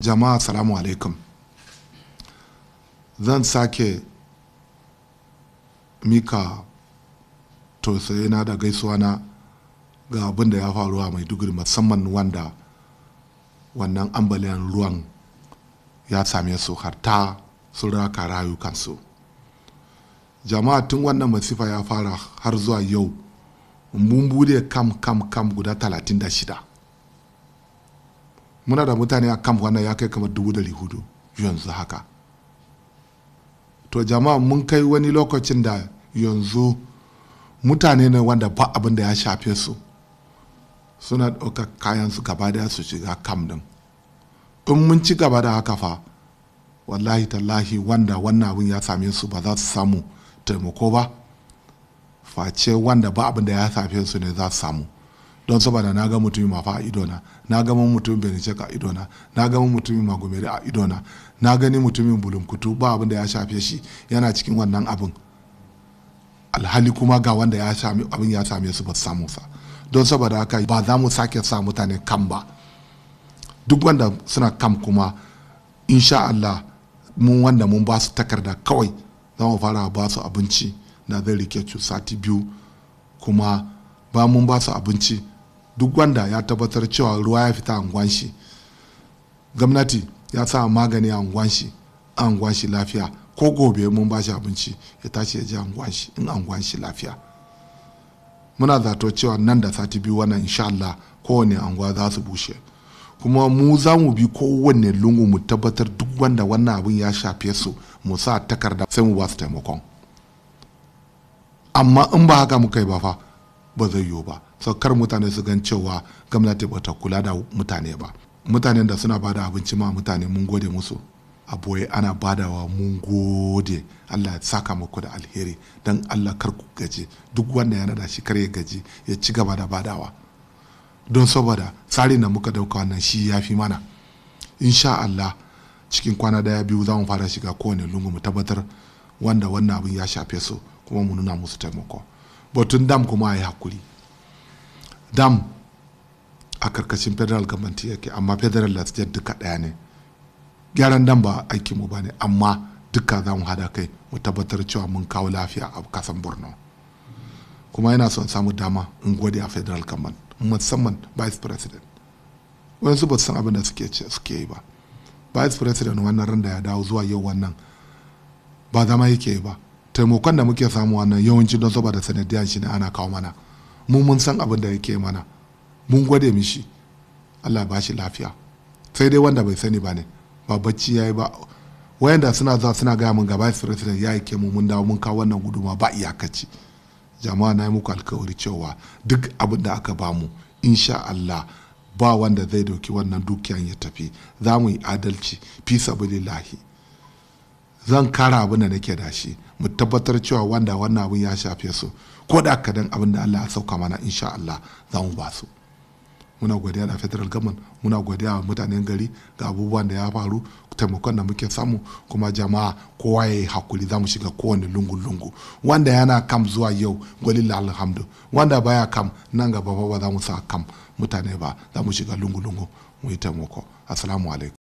jama'a salamu alaikum zan sake mika tausayina da gaisuwa na ga abin da ya faru a maiduguri musamman wanda wannan ambaliyan ruwan ya same su har ta sun raka rayukansu jama'a tun wannan masifa ya fara har zuwa yau mun bude kam kam kam guda 36 muna da mutane a kamp wannan ya kai kamar dubu dari hudu yanzu haka to jama'a mun kai wani lokacin da yanzu mutane ne wanda ba abin da ya shafe su suna ɗauka kayan su gaba da su shiga kam din in mun ci gaba da haka fa wallahi tallahi wanda wannan abin ya same su ba za su samu taimako ba face wanda ba abin da ya shafe su ne za su samu don saboda na ga mutumi mafa a idona na ga mutumin benicek a idona na ga mutumin magumere a idona na gani mutumin bulunkutu ba abin da ya shafe shi yana cikin wannan abin alhali kuma ga wanda ya sami abin ya same su ba samu sa don saboda haka ba za mu sake sa mutane kam ba duk wanda suna kam kuma insha Allah mun wanda mun ba su takarda kawai za mu fara ba su abinci na zai rike sati biyu kuma ba mun ba su abinci duk wanda ya tabbatar cewa ruwa ya fita a shi gwamnati ya sa magani a shi a shi lafiya ko gobe mun ba shi abinci ya tashi ya ji a shi in a shi lafiya muna zato cewa nan da sati biyu wannan insha Allah kowane anguwa za su bushe kuma mu za mu bi kowane lungu mu tabbatar duk wanda wannan abin ya shafe su mu sa takarda sai mu ba su taimakon amma in ba haka muka yi ba fa ba zai yiwu ba kar mutane su gan cewa gwamnati bata kula da mutane ba mutanen da suna bada abinci ma mutane mun gode musu a boye ana badawa mun gode allah ya saka muku da alheri don allah kar ku gaji duk wanda ya da shi kar ya gaji ya ci gaba da badawa don saboda tsarin da muka dauka wannan shi ya fi mana insha allah cikin kwana daya biyu za mu fara shiga kowane lungu mu tabbatar wanda wannan abin ya shafe su kuma mu nuna musu taimako batun dam kuma a yi hakuri dam a karkashin federal government yake amma federal da state duka daya ne gyaran dam ba aiki mu ne amma duka za mu hada kai mu tabbatar cewa mun kawo lafiya a kasan borno kuma yana son samu dama in gode a federal government musamman vice president wani ba su san abin da suke ce suke yi ba vice president wannan ran da ya dawo zuwa yau wannan ba zama yake yi ba taimakon da muke samu wannan yawanci don saboda sanadiyar shi ne ana kawo mana mu mun san abin da yake mana mun gwade mishi Allah ba shi lafiya sai dai wanda bai sani ba ne ba bacci yayi ba wayanda suna za suna gaya mun gaba su rasu ya ke mu mun dawo mun kawo wannan guduma ba iyakaci jama'a na yi muku alkawari cewa duk abin da aka bamu insha Allah ba wanda zai dauki wannan dukiyan ya tafi za mu yi adalci fi lillahi zan kara abin da nake da shi mu tabbatar cewa wanda wannan abin ya shafe su ko da dan abin da Allah ya sauka mana insha Allah za mu ba su muna godiya da federal government muna godiya wa mutanen gari ga abubuwan da ya faru taimakon da muke samu kuma jama'a kowa ya yi hakuri za mu shiga kowane lungu-lungu wanda yana kam zuwa yau gwalin alhamdu wanda baya kam nan gaba ba za mu sa kam mutane ba za mu shiga lungu-lungu mu yi taimako assalamu alaikum